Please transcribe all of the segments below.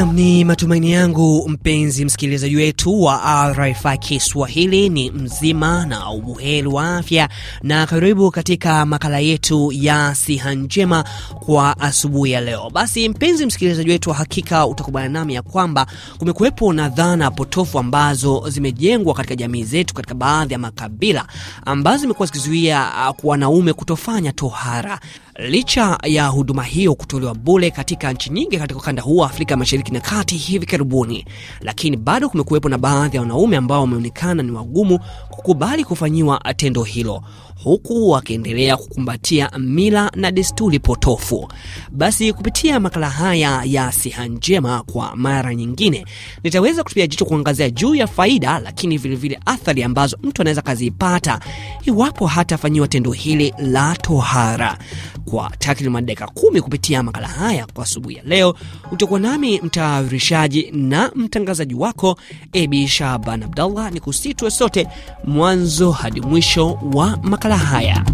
Nam, ni matumaini yangu mpenzi msikilizaji wetu wa RFI Kiswahili ni mzima na ubuheri wa afya, na karibu katika makala yetu ya siha njema kwa asubuhi ya leo. Basi mpenzi msikilizaji wetu, hakika utakubaliana nami ya kwamba kumekuwepo na dhana potofu ambazo zimejengwa katika jamii zetu, katika baadhi ya makabila ambazo zimekuwa zikizuia kwa uh, wanaume kutofanya tohara. Licha ya huduma hiyo kutolewa bule katika nchi nyingi katika ukanda huu wa Afrika Mashariki na Kati hivi karibuni, lakini bado kumekuwepo na baadhi ya wanaume ambao wameonekana ni wagumu kukubali kufanyiwa tendo hilo, huku wakiendelea kukumbatia mila na desturi potofu. Basi kupitia makala haya ya Siha Njema, kwa mara nyingine nitaweza kutupia jicho kuangazia juu ya faida, lakini vilevile athari ambazo mtu anaweza akazipata iwapo hatafanyiwa tendo hili la tohara kwa takriban dakika kumi kupitia makala haya kwa asubuhi ya leo. Utakuwa nami mtayarishaji na mtangazaji wako Abi Shaban Abdallah, ni kusitwe sote mwanzo hadi mwisho wa makala haya.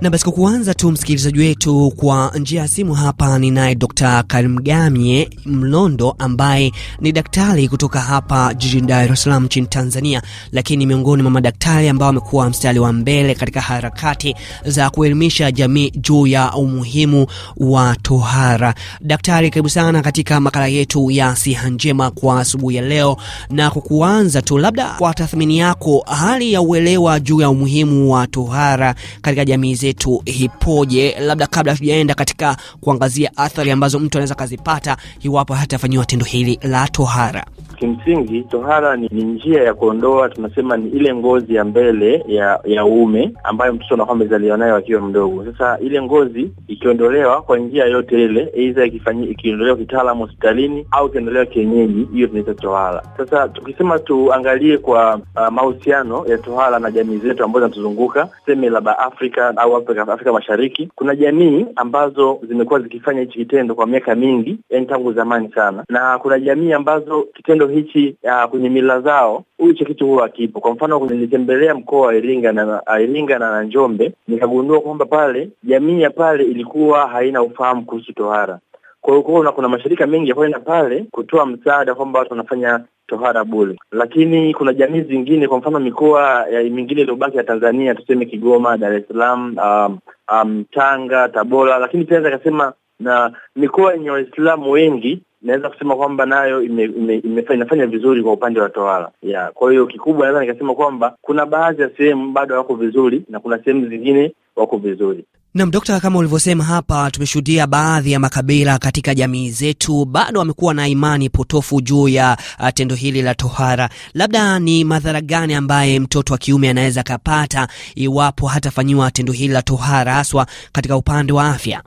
Na basi kwa kuanza tu, msikilizaji wetu kwa njia ya simu hapa ninaye Dr. Karimgamye Mlondo ambaye ni daktari kutoka hapa jijini Dar es Salaam nchini Tanzania, lakini miongoni mwa madaktari ambao wamekuwa mstari wa mbele katika harakati za kuelimisha jamii juu ya umuhimu wa tohara. Daktari, karibu sana katika makala yetu ya siha njema kwa asubuhi ya leo, na kwa kuanza tu, labda kwa tathmini yako, hali ya uelewa juu ya umuhimu wa tohara katika jamii zetu hipoje, labda kabla hatujaenda katika kuangazia athari ambazo mtu anaweza akazipata iwapo hatafanyiwa tendo hili la tohara kimsingi tohara ni, ni njia ya kuondoa tunasema ni ile ngozi ya mbele ya ya uume ambayo mtoto anakuwa amezaliwa nayo akiwa mdogo. Sasa ile ngozi ikiondolewa kwa njia yote ile, aidha ikiondolewa kitaalamu hospitalini au ikiondolewa kienyeji, hiyo tunaita tohara. Sasa tukisema tuangalie kwa uh, mahusiano ya tohara na jamii zetu ambazo zinatuzunguka, seme labda Afrika au Afrika, Afrika Mashariki, kuna jamii ambazo zimekuwa zikifanya hichi kitendo kwa miaka mingi, yani eh, tangu zamani sana, na kuna jamii ambazo kitendo hichi uh, kwenye mila zao hicho kitu huwa kipo. Kwa mfano, nilitembelea mkoa wa Iringa na Iringa na Njombe, nikagundua kwamba pale jamii ya pale ilikuwa haina ufahamu kuhusu tohara. Kwa hiyo kuna, kuna mashirika mengi ya kwenda pale kutoa msaada kwamba watu wanafanya tohara bule lakini kuna jamii zingine, kwa mfano mikoa mingine iliyobaki ya Tanzania, tuseme Kigoma, Dar es Salaam, um, um, Tanga, Tabora, lakini pia akasema na mikoa yenye Waislamu wengi naweza kusema kwamba nayo ime, ime, inafanya vizuri kwa upande wa tawala yeah. Kwa hiyo kikubwa naweza nikasema kwamba kuna baadhi ya sehemu bado wako vizuri na kuna sehemu zingine wako vizuri. nam Dokta, kama ulivyosema hapa, tumeshuhudia baadhi ya makabila katika jamii zetu bado wamekuwa na imani potofu juu ya uh, tendo hili la tohara. Labda ni madhara gani ambaye mtoto wa kiume anaweza akapata iwapo hatafanyiwa tendo hili la tohara, haswa katika upande wa afya?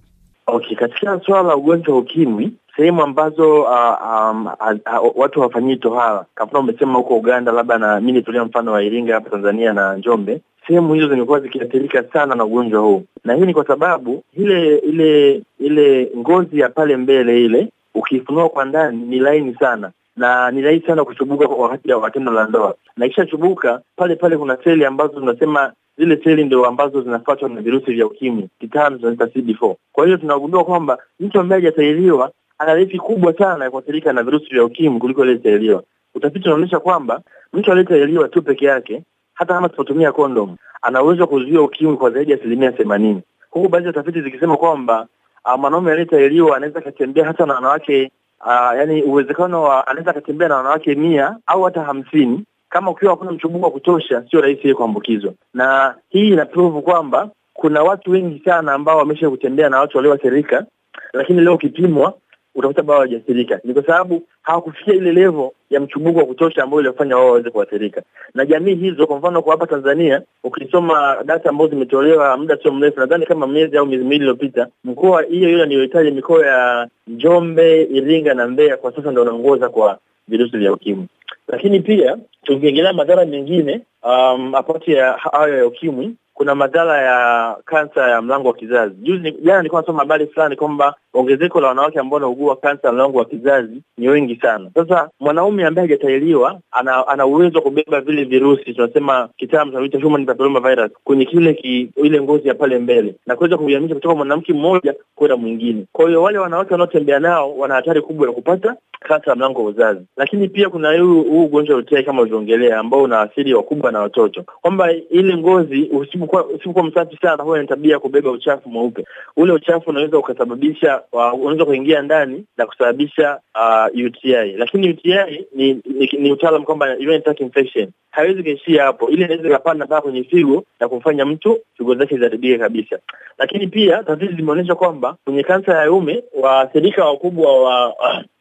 Okay, katika suala la ugonjwa wa ukimwi sehemu ambazo uh, um, uh, uh, watu hawafanyii tohara, kama umesema huko Uganda labda, na mi nitolia mfano wa Iringa hapa Tanzania na Njombe, sehemu hizo zimekuwa zikiathirika sana na ugonjwa huu, na hii ni kwa sababu ile ile ile ngozi ya pale mbele ile ukifunua kwa ndani ni laini sana, na ni rahisi sana kuchubuka wakati wa tendo la ndoa, na chubuka pale pale kuna seli ambazo tunasema zile seli ndio ambazo zinafuatwa na virusi vya ukimwi, kitano, tunaita CD4. Kwa hiyo tunagundua kwamba mtu ambaye hajatahiriwa ana rahisi kubwa sana ya kuathirika na virusi vya ukimwi kuliko aliyetahiriwa. Utafiti unaonyesha kwamba mtu aliyetahiriwa tu peke yake, hata kama tusipotumia kondom, ana uwezo wa kuzuia ukimwi kwa zaidi ya asilimia themanini, huku baadhi ya tafiti zikisema kwamba ah, mwanaume aliyetahiriwa anaweza akatembea hata na wanawake Ah, yani uwezekano wa anaweza akatembea na wanawake mia au hata hamsini kama ukiwa hakuna mchubuko wa kutosha, sio rahisi yeye kuambukizwa, na hii provu kwamba kuna watu wengi sana ambao wamesha kutembea na watu walioathirika, lakini leo ukipimwa utakuta bado wajaathirika ni kwa sababu hawakufikia ile levo ya mchubuko wa kutosha ambayo iliofanya wao waweze kuathirika. Na jamii hizo, kwa mfano, kwa hapa Tanzania, ukisoma data ambazo zimetolewa muda sio mrefu, nadhani kama miezi au miezi miwili iliyopita, mkoa hiyo hiyo niliyohitaji, mikoa ya Njombe, Iringa na mbea kwa sasa ndo unaongoza kwa virusi vya ukimwi. Lakini pia tukiengelea madhara mengine um, apati ya hayo ya ukimwi kuna madhara ya kansa ya mlango wa kizazi. Juzi jana nilikuwa nasoma habari fulani kwamba ongezeko la wanawake ambao wanaugua kansa ya mlango wa kizazi ni wengi sana. Sasa mwanaume ambaye hajatahiriwa ana, ana uwezo wa kubeba vile virusi tunasema kitaalamu tunaita human papilloma virus kwenye kile ki, ile ngozi ya pale mbele na kuweza kuihamisha kutoka mwanamke mmoja kwenda mwingine. Kwa hiyo wale wanawake wanaotembea nao wana hatari kubwa ya kupata kansa ya mlango wa uzazi. Lakini pia kuna huu ugonjwa wa UTI kama ulivyoongelea, ambao unaathiri wakubwa na watoto, kwamba ile ngozi usipokuwa usipokuwa msafi sana, huwa ni tabia ya kubeba uchafu mweupe. Ule uchafu unaweza ukasababisha unaweza kuingia ndani na kusababisha uh, UTI, lakini UTI ni ni, ni utaalam kwamba infection haiwezi kaishia hapo, ili inaweza ikapanda mpaka kwenye figo na kumfanya mtu figo zake ziharibike kabisa. Lakini pia tafiti zimeonyesha kwamba kwenye kansa ya ume waathirika wakubwa wa, wa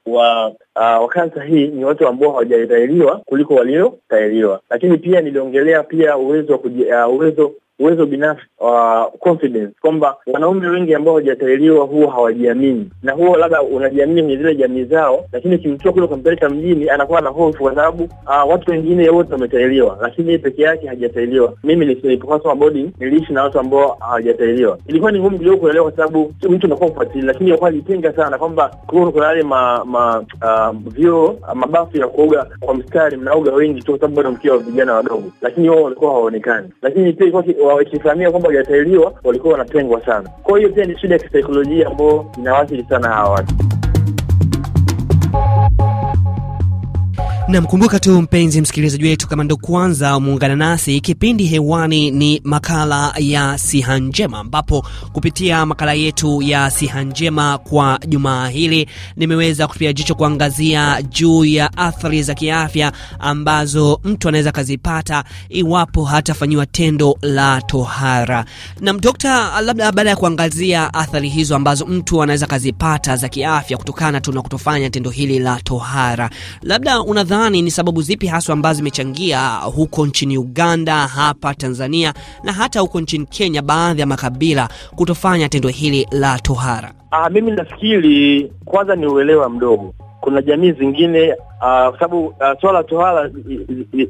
wa uh, wa kansa hii ni watu ambao hawajatahiriwa kuliko waliotairiwa. Lakini pia niliongelea pia uwezo wa uh, uwezo uwezo binafsi wa uh, confidence kwamba wanaume wengi ambao hawajataleliwa huwa hawajiamini, na huo labda unajiamini kwenye zile jamii zao, lakini ukimtoa kule kumpeleka mjini anakuwa na hofu, kwa sababu uh, watu wengine wote wametaleliwa, lakini peke yake hajataleliwa. Mimi nilipokuwa nasoma boarding niliishi na watu ambao hawajataleliwa, ilikuwa ni ngumu kidogo kuelewa, kwa sababu mtu anakuwa mfuatili, lakini alikuwa alitenga sana kwamba kuna yale ma, ma uh, vyoo ah, mabafu ya kuoga kwa mstari, mnaoga wengi tu, kwa sababu bado mkiwa vijana wadogo, lakini wao walikuwa hawaonekani, lakini pia ilikuwa wakifahamia kwamba hawajatahiriwa walikuwa wanatengwa sana. Kwa hiyo pia ni shida ya kisaikolojia ambayo inawaathiri sana hawa watu. Namkumbuka tu mpenzi msikilizaji wetu, kama ndo kwanza muungana nasi, kipindi hewani ni makala ya Siha Njema, ambapo kupitia makala yetu ya Siha Njema kwa jumaa hili nimeweza kutupia jicho kuangazia juu ya athari za kiafya ambazo mtu anaweza akazipata iwapo hatafanyiwa tendo la tohara. Na dokta, labda baada ya kuangazia athari hizo ambazo mtu anaweza akazipata za kiafya kutokana tu na kutofanya tendo hili la tohara, labda unadhani unadhani ni sababu zipi haswa ambazo zimechangia huko nchini Uganda, hapa Tanzania na hata huko nchini Kenya, baadhi ya makabila kutofanya tendo hili la tohara? Ah, mimi nafikiri kwanza ni uelewa mdogo. Kuna jamii zingine Ah, kwa sababu uh, swala tohara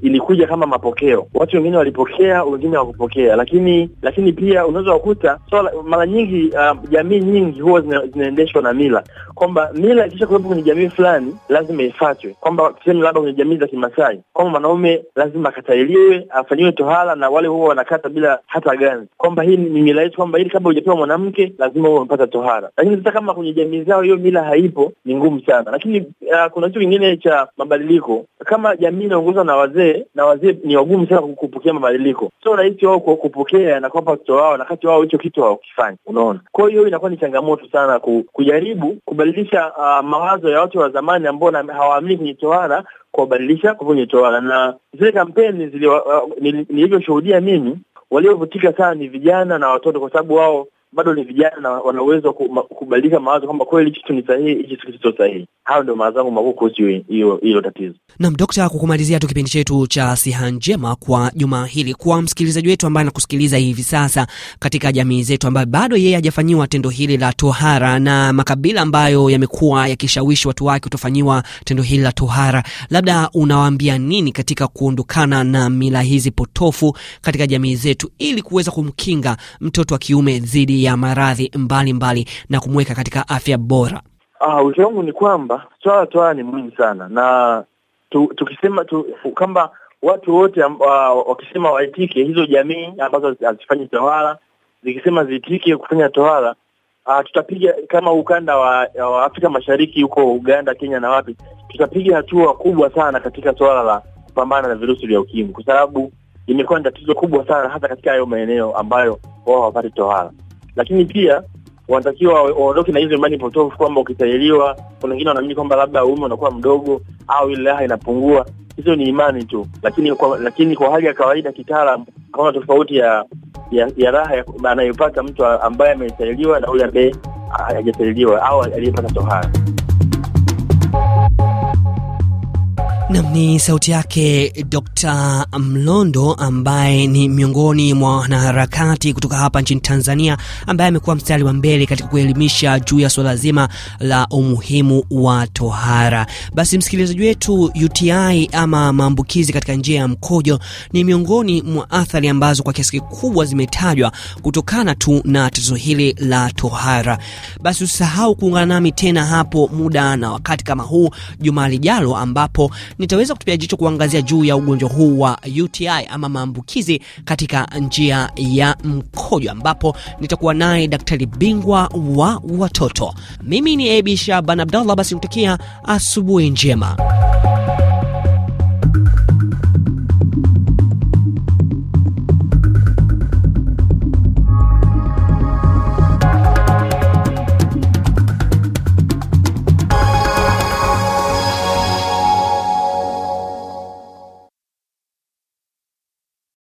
ilikuja kama mapokeo, watu wengine walipokea, wengine hawakupokea, lakini lakini pia unaweza kukuta swala mara nyingi uh, jamii nyingi huwa zinaendeshwa na mila, kwamba mila ikisha kuwepo kwenye jamii fulani lazima ifatwe kwamba tuseme labda kwenye jamii za Kimasai kwamba mwanaume lazima akataliwe, afanyiwe tohara, na wale huwa wanakata bila hata gani, kwamba hii ni mila yetu, kwamba ili kabla hujapewa mwanamke lazima huwa umepata tohara. Lakini sasa kama kwenye jamii zao hiyo mila haipo, ni ngumu sana. Lakini uh, kuna kitu kingine cha mabadiliko. Kama jamii inaongozwa na wazee na wazee ni wagumu sana kupokea mabadiliko, sio rahisi wao kupokea na kuwapa watoto wao, kati wao hicho kitu hawakifanyi. Unaona, kwa hiyo inakuwa ni changamoto sana kujaribu kubadilisha uh, mawazo ya watu wa zamani ambao hawaamini kwenye tohara kuwabadilisha kwenye tohara, na zile kampeni ah, nilivyoshuhudia uh, mimi waliovutika sana ni vijana na watoto, kwa sababu wao bado ni vijana na wana uwezo wa kubadilika mawazo kwamba kweli kitu ni sahihi, hichi kitu sio sahihi. Hayo ndio mawazo yangu makuu kuhusu hiyo hilo tatizo. Naam, Dokta, kwa kumalizia tu kipindi chetu cha siha njema kwa juma hili, kwa msikilizaji wetu ambaye anakusikiliza hivi sasa katika jamii zetu, ambaye bado yeye hajafanyiwa tendo hili la tohara na makabila ambayo yamekuwa yakishawishi watu wake kutofanyiwa tendo hili la tohara, labda unawaambia nini katika kuondokana na mila hizi potofu katika jamii zetu ili kuweza kumkinga mtoto wa kiume dhidi ya maradhi mbalimbali na kumweka katika afya bora? Ah, wangu ni kwamba swala swala ni muhimu sana na tu, tukisema tu, kwamba watu wote uh, wakisema waitike hizo jamii ambazo hazifanyi tawala zikisema ziitike kufanya tawala uh, ah, tutapiga kama ukanda wa, wa Afrika Mashariki huko Uganda, Kenya na wapi, tutapiga hatua kubwa sana katika swala la kupambana na virusi vya ukimwi, kwa sababu imekuwa ni tatizo kubwa sana hata katika hayo maeneo ambayo wao hawapati tohara lakini pia wanatakiwa waondoke na hizo imani potofu kwamba ukitahiriwa, kuna wengine wanaamini kwamba labda uume unakuwa mdogo au ile raha inapungua. Hizo ni imani tu, lakini kwa, lakini kwa hali ya kawaida kitaalam kaona tofauti ya ya, ya raha anayopata mtu ambaye ametahiriwa na ule ambaye hajatahiriwa au aliyepata tohara. Nam ni sauti yake Dr. Mlondo ambaye ni miongoni mwa wanaharakati kutoka hapa nchini Tanzania ambaye amekuwa mstari wa mbele katika kuelimisha juu ya swala zima la umuhimu wa tohara. Basi msikilizaji wetu, UTI ama maambukizi katika njia ya mkojo ni miongoni mwa athari ambazo kwa kiasi kikubwa zimetajwa kutokana tu na tatizo hili la tohara. Basi usisahau kuungana nami tena hapo muda na wakati kama huu juma lijalo ambapo nitaweza kutupia jicho kuangazia juu ya ugonjwa huu wa UTI ama maambukizi katika njia ya mkojo, ambapo nitakuwa naye daktari bingwa wa watoto. Mimi ni Abi Shaban Abdallah, basi kutakia asubuhi njema.